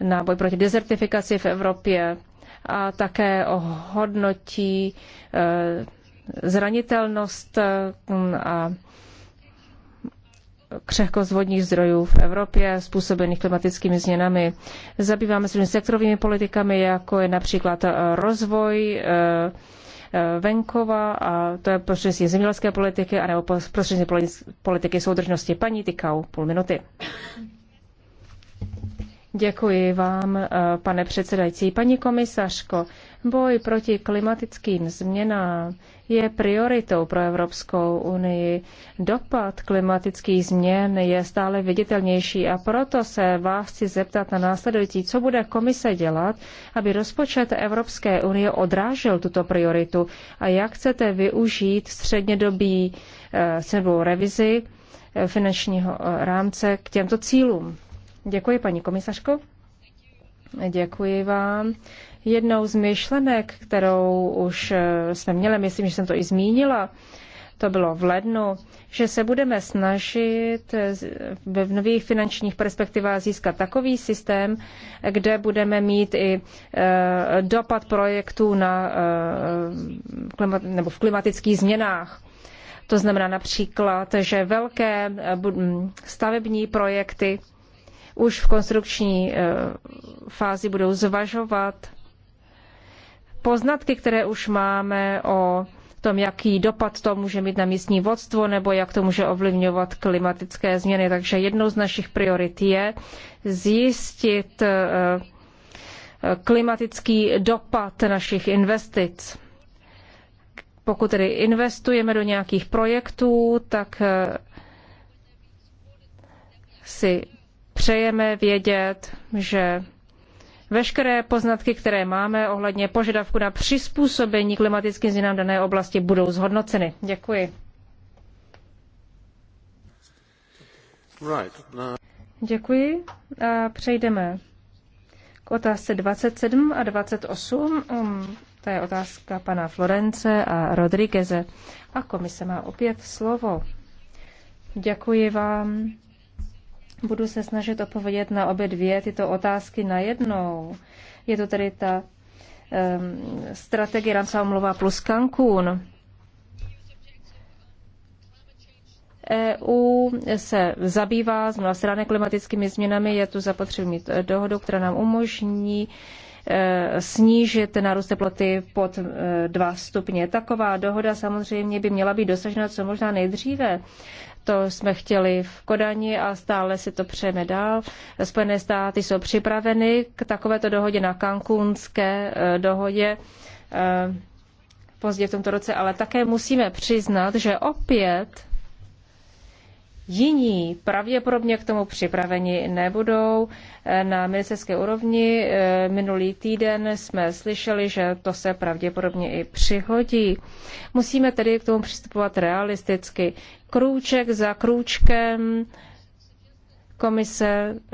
na boj proti dezertifikaci v Evropě a také o hodnotí eh, zranitelnost hm, a křehkost vodních zdrojů v Evropě způsobených klimatickými změnami. Zabýváme se sektorovými politikami, jako je například eh, rozvoj eh, venkova, a to je prostřednictví zemědělské politiky, anebo prostřednictví politiky soudržnosti. Paní Tykau, půl minuty. Děkuji vám, eh, pane předsedající. Paní komisařko, boj proti klimatickým změnám je prioritou pro Evropskou unii. Dopad klimatických změn je stále viditelnější a proto se vás chci zeptat na následující, co bude komise dělat, aby rozpočet Evropské unie odrážel tuto prioritu a jak chcete využít střednědobí eh, sebou revizi eh, finančního rámce k těmto cílům. Děkuji, paní komisařko. Děkuji vám. Jednou z myšlenek, kterou už eh, jsme měli, myslím, že jsem to i zmínila, to bylo v lednu, že se budeme snažit ve nových finančních perspektivách získat takový systém, kde budeme mít i eh, dopad projektů na, eh, nebo v klimatických změnách. To znamená například, že velké stavební projekty už v konstrukční eh, fázi budou zvažovat poznatky, které už máme o tom, jaký dopad to může mít na místní vodstvo nebo jak to může ovlivňovat klimatické změny. Takže jednou z našich priorit je zjistit eh, klimatický dopad našich investic. Pokud tedy investujeme do nějakých projektů, tak eh, si přejeme vědět, že veškeré poznatky, které máme ohledně požadavku na přizpůsobení klimatickým změnám dané oblasti, budou zhodnoceny. Děkuji. Right. Děkuji a přejdeme k otázce 27 a 28. Um, to je otázka pana Florence a Rodrigueze. A komise má opět slovo. Děkuji vám. Budu se snažit odpovědět na obě dvě tyto otázky najednou. Je to tedy ta um, strategie Ramsová mluva plus Cancún. EU se zabývá z mnoha strany klimatickými změnami. Je tu zapotřebí mít e, dohodu, která nám umožní e, snížit nárůst teploty pod 2 e, stupně. Taková dohoda samozřejmě by měla být dosažena co možná nejdříve. To jsme chtěli v Kodani a stále si to přejeme dál. Spojené státy jsou připraveny k takovéto dohodě na kankúnské eh, dohodě eh, pozdě v tomto roce, ale také musíme přiznat, že opět Jiní pravděpodobně k tomu připraveni nebudou. Eh, Na ministerské úrovni eh, minulý týden jsme slyšeli, že to se pravděpodobně i přihodí. Musíme tedy k tomu přistupovat realisticky. Krůček za krůčkem komise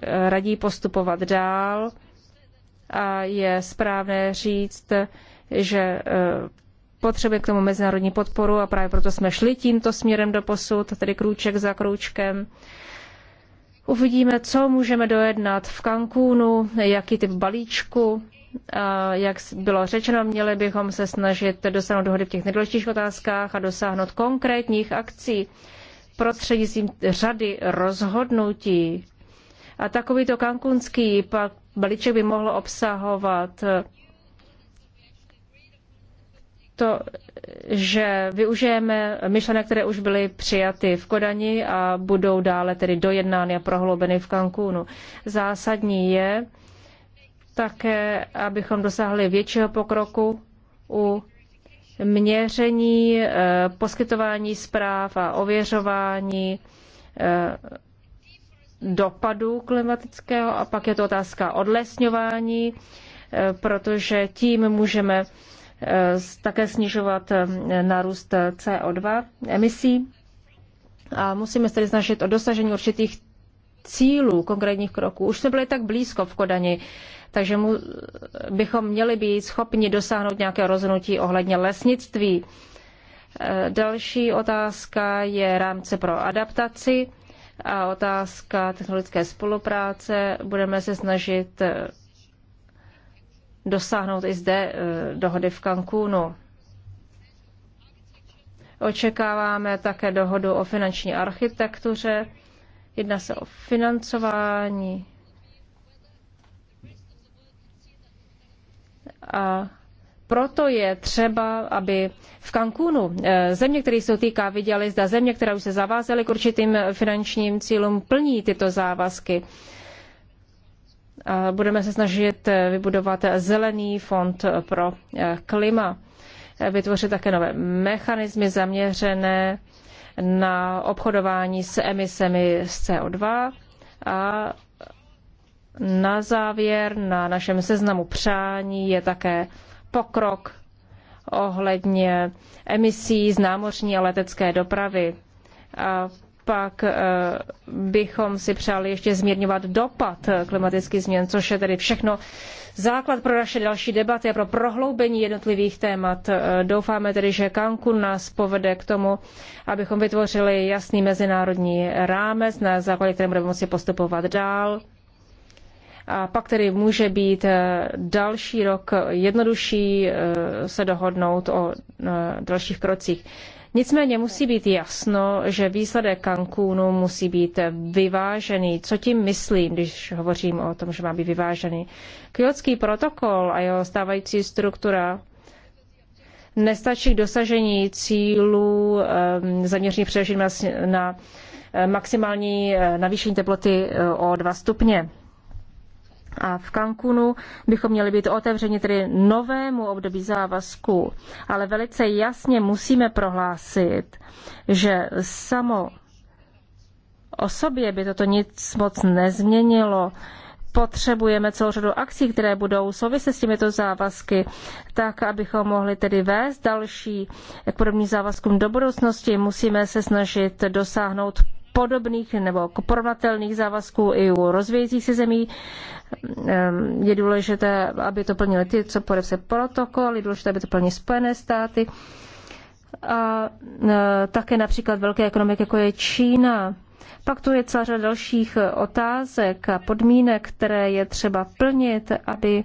eh, radí postupovat dál a je správné říct, že potřebuje k tomu mezinárodní podporu a právě proto jsme šli tímto směrem do posud, tedy krůček za krůčkem. Uvidíme, co můžeme dojednat v Cancúnu, jaký typ balíčku. A jak bylo řečeno, měli bychom se snažit dosáhnout dohody v těch nejdůležitějších otázkách a dosáhnout konkrétních akcí prostřednictvím řady rozhodnutí. A takovýto kankunský balíček by mohl obsahovat to, že využijeme myšlenek, které už byly přijaty v Kodani a budou dále tedy dojednány a prohloubeny v Cancúnu. Zásadní je také, abychom dosáhli většího pokroku u měření, eh, poskytování zpráv a ověřování eh, dopadů klimatického a pak je to otázka odlesňování, eh, protože tím můžeme Eh, také snižovat eh, nárůst eh, CO2 emisí. A musíme se tedy snažit o dosažení určitých cílů, konkrétních kroků. Už jsme byli tak blízko v Kodani, takže mu, bychom měli být schopni dosáhnout nějaké rozhodnutí ohledně lesnictví. Další otázka je rámce pro adaptaci a otázka technologické spolupráce. Budeme se snažit dosáhnout i zde e, dohody v Cancúnu. Očekáváme také dohodu o finanční architektuře. Jedná se o financování a proto je třeba, aby v Cancúnu e, země, které se týká, viděly, zda země, které už se zavázaly k určitým finančním cílům, plní tyto závazky. Budeme se snažit vybudovat zelený fond pro eh, klima, vytvořit také nové mechanismy zaměřené na obchodování s emisemi z CO2 a na závěr na našem seznamu přání je také pokrok ohledně emisí z námořní a letecké dopravy. A pak eh, bychom si přáli ještě zmírňovat dopad klimatických změn, což je tedy všechno základ pro naše další debaty a pro prohloubení jednotlivých témat. Eh, doufáme tedy, že Cancun nás povede k tomu, abychom vytvořili jasný mezinárodní rámec, na základě kterého budeme moci postupovat dál. A pak tedy může být eh, další rok jednodušší se dohodnout o dalších krocích. Nicméně musí být jasno, že výsledek Cancúnu musí být vyvážený. Co tím myslím, když hovořím o tom, že má být vyvážený? Kyotský protokol a jeho stávající struktura nestačí k dosažení cílů ehm, zaměřených především na maximální eh, navýšení teploty eh, o 2 stupně a v Cancunu bychom měli být otevřeni tedy novému období závazků, ale velice jasně musíme prohlásit, že samo o sobě by toto nic moc nezměnilo. Potřebujeme celou řadu akcí, které budou souviset s těmito závazky, tak abychom mohli tedy vést další k podobným závazkům do budoucnosti. Musíme se snažit dosáhnout podobných nebo porovnatelných závazků i u rozvějících se zemí. Ehm, je důležité, aby to plnili ty, co podepsali protokol, je důležité, aby to plnili Spojené státy a e, také například velké ekonomiky, jako je Čína. Pak tu je celá řada dalších otázek a podmínek, které je třeba plnit, aby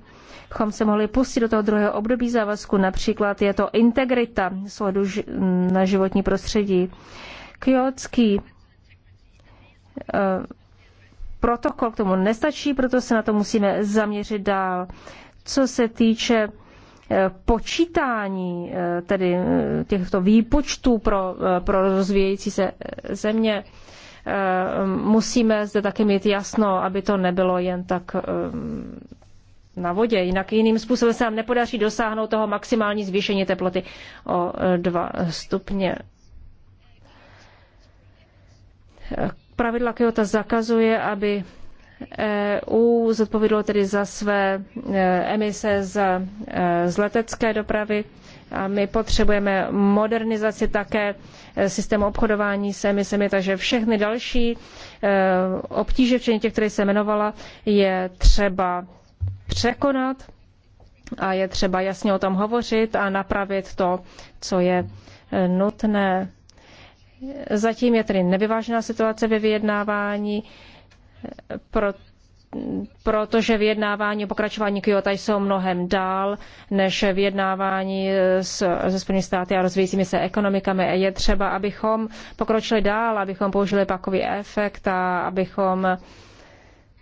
chom se mohli pustit do toho druhého období závazku. Například je to integrita sledu na životní prostředí. Kjotský Eh, protokol k tomu nestačí, proto se na to musíme zaměřit dál. Co se týče eh, počítání eh, tedy těchto výpočtů pro, pro rozvíjející se země, musíme zde také mít jasno, aby to nebylo jen tak na vodě. Jinak jiným způsobem se nám nepodaří dosáhnout toho maximální zvýšení teploty o 2 stupně. Pravidla Kyoto zakazuje, aby EU zodpovědlo tedy za své e, emise z, e, z letecké dopravy. A my potřebujeme modernizaci také e, systému obchodování s emisemi, takže všechny další obtíže, včetně těch, které jsem jmenovala, je třeba překonat a je třeba jasně o tom hovořit a napravit to, co je nutné. Zatím je tedy nevyvážená situace ve vyjednávání, pro, protože vyjednávání o pokračování Kyoto jsou mnohem dál než vyjednávání se Spojenými státy a rozvíjícími se ekonomikami. Je třeba, abychom pokročili dál, abychom použili pakový efekt a abychom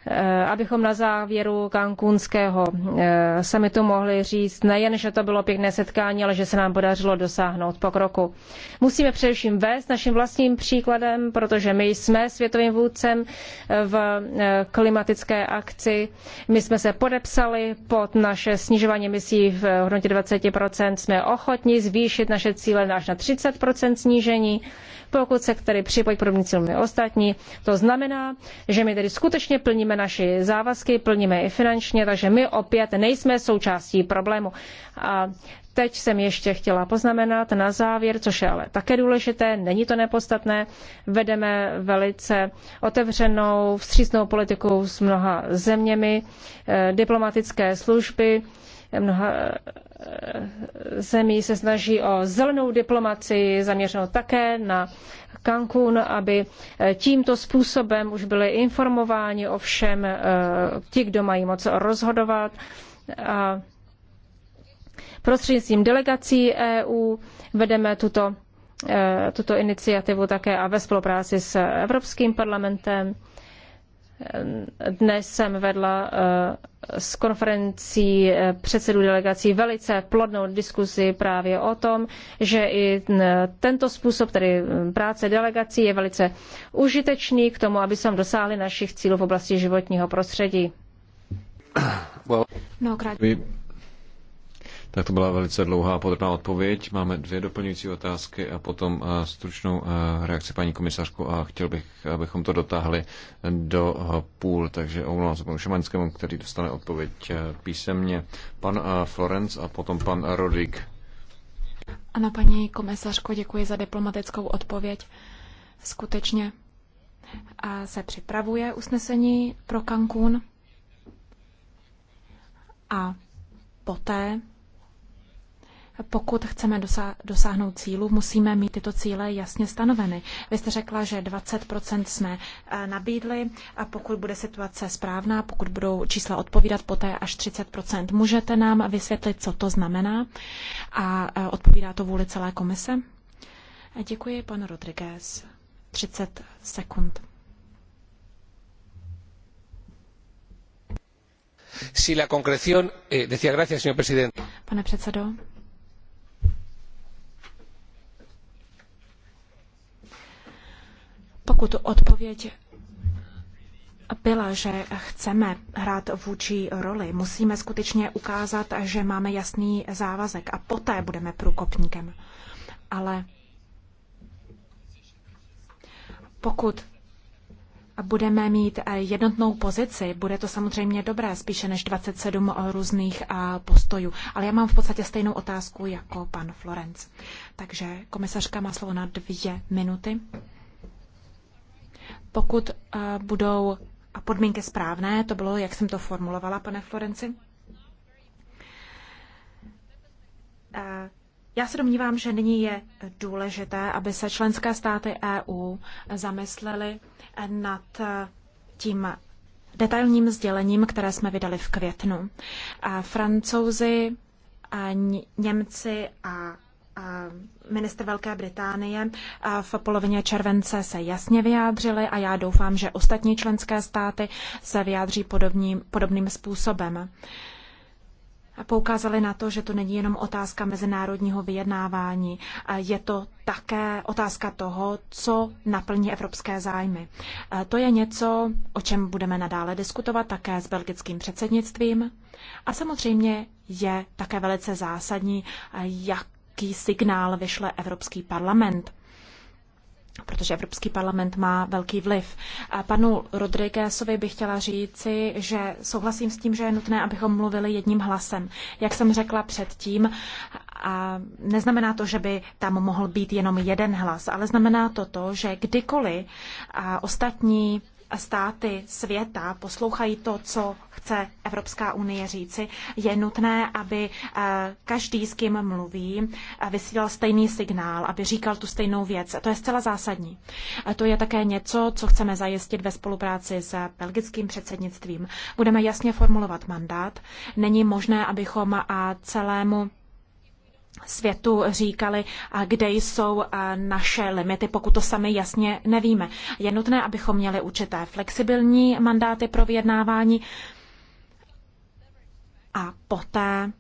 Eh, abychom na závěru kankunského eh, summitu mohli říct nejen, že to bylo pěkné setkání, ale že se nám podařilo dosáhnout pokroku. Musíme především vést naším vlastním příkladem, protože my jsme světovým vůdcem eh, v klimatické akci. My jsme se podepsali pod naše snižování emisí v hodnotě 20%. Jsme ochotni zvýšit naše cíle až na 30% snížení pokud se tedy připojí k podobným cílům ostatní. To znamená, že my tedy skutečně plníme plníme naše závazky, plníme i finančně, takže my opět nejsme součástí problému. A teď jsem ještě chtěla poznamenat na závěr, což je ale také důležité, není to nepodstatné, vedeme velice otevřenou, vstřícnou politiku s mnoha zeměmi, eh, diplomatické služby, eh, mnoha eh, zemí se snaží o zelenou diplomaci zaměřenou také na Cancún, aby eh, tímto způsobem už byli informováni o všem eh, ti, kdo mají moc rozhodovat. A prostřednictvím delegací EU vedeme tuto, eh, tuto iniciativu také a ve spolupráci s Evropským parlamentem. Dnes jsem vedla eh, s konferencí eh, předsedů delegací velice plodnou diskusi právě o tom, že i eh, tento způsob, tedy práce delegací, je velice užitečný k tomu, aby jsme dosáhli našich cílů v oblasti životního prostředí. Well, tak to byla velice dlouhá a podrobná odpověď. Máme dvě doplňující otázky a potom eh, stručnou eh, reakci paní komisařku a chtěl bych, abychom to dotáhli do eh, půl, takže omlouvám se panu Šamanskému, který dostane odpověď písemně. Pan Florenc a potom pan Rodrík. Ano, paní komisařko, děkuji za diplomatickou odpověď. Skutečně a se připravuje usnesení pro Cancún a poté pokud chceme dosáhnout cílu, musíme mít tyto cíle jasně stanoveny. Vy jste řekla, že 20% jsme eh, nabídli a pokud bude situace správná, pokud budou čísla odpovídat, poté až 30%. Můžete nám vysvětlit, co to znamená a eh, odpovídá to vůli celé komise? Eh, děkuji, pan Rodriguez. 30 sekund. Si la concreción, eh, decía gracias, señor presidente. Pane předsedo, Pokud odpověď byla, že chceme hrát vůči roli, musíme skutečně ukázat, že máme jasný závazek a poté budeme průkopníkem. Ale pokud budeme mít jednotnou pozici, bude to samozřejmě dobré, spíše než 27 různých postojů. Ale já mám v podstatě stejnou otázku jako pan Florenc. Takže komisařka má slovo na dvě minuty pokud eh, budou podmínky správné, to bylo, jak jsem to formulovala, pane Florenci. Eh, já se domnívám, že nyní je důležité, aby se členské státy EU zamyslely nad eh, tím detailním sdělením, které jsme vydali v květnu. Francouzi, Němci a Ministr Velké Británie v polovině července se jasně vyjádřili a já doufám, že ostatní členské státy se vyjádří podobným, podobným způsobem. A poukázali na to, že to není jenom otázka mezinárodního vyjednávání, je to také otázka toho, co naplní evropské zájmy. To je něco, o čem budeme nadále diskutovat také s belgickým předsednictvím. A samozřejmě je také velice zásadní, jak jaký signál vyšle Evropský parlament protože Evropský parlament má velký vliv. A panu Rodriguezovi bych chtěla říci, že souhlasím s tím, že je nutné, abychom mluvili jedním hlasem. Jak jsem řekla předtím, a neznamená to, že by tam mohl být jenom jeden hlas, ale znamená to to, že kdykoliv ostatní státy světa poslouchají to, co chce Evropská unie říci, je nutné, aby eh, každý, s kým mluví, eh, vysílal stejný signál, aby říkal tu stejnou věc. To je zcela zásadní. To je také něco, co chceme zajistit ve spolupráci s belgickým předsednictvím. Budeme jasně formulovat mandát. Není možné, abychom a eh, celému světu říkali, kde jsou naše limity, pokud to sami jasně nevíme. Je nutné, abychom měli určité flexibilní mandáty pro vyjednávání a poté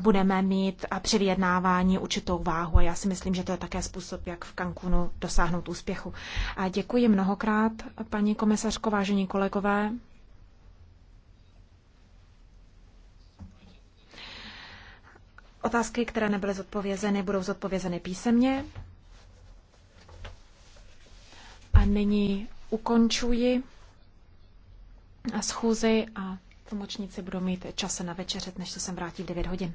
budeme mít při vyjednávání určitou váhu. A já si myslím, že to je také způsob, jak v Cancunu dosáhnout úspěchu. A děkuji mnohokrát, paní komisařko, vážení kolegové. Otázky, které nebyly zodpovězeny, budou zodpovězeny písemně. A nyní ukončuji schůzi a tlumočníci budou mít čas na večeřet, než se sem vrátí v 9 hodin.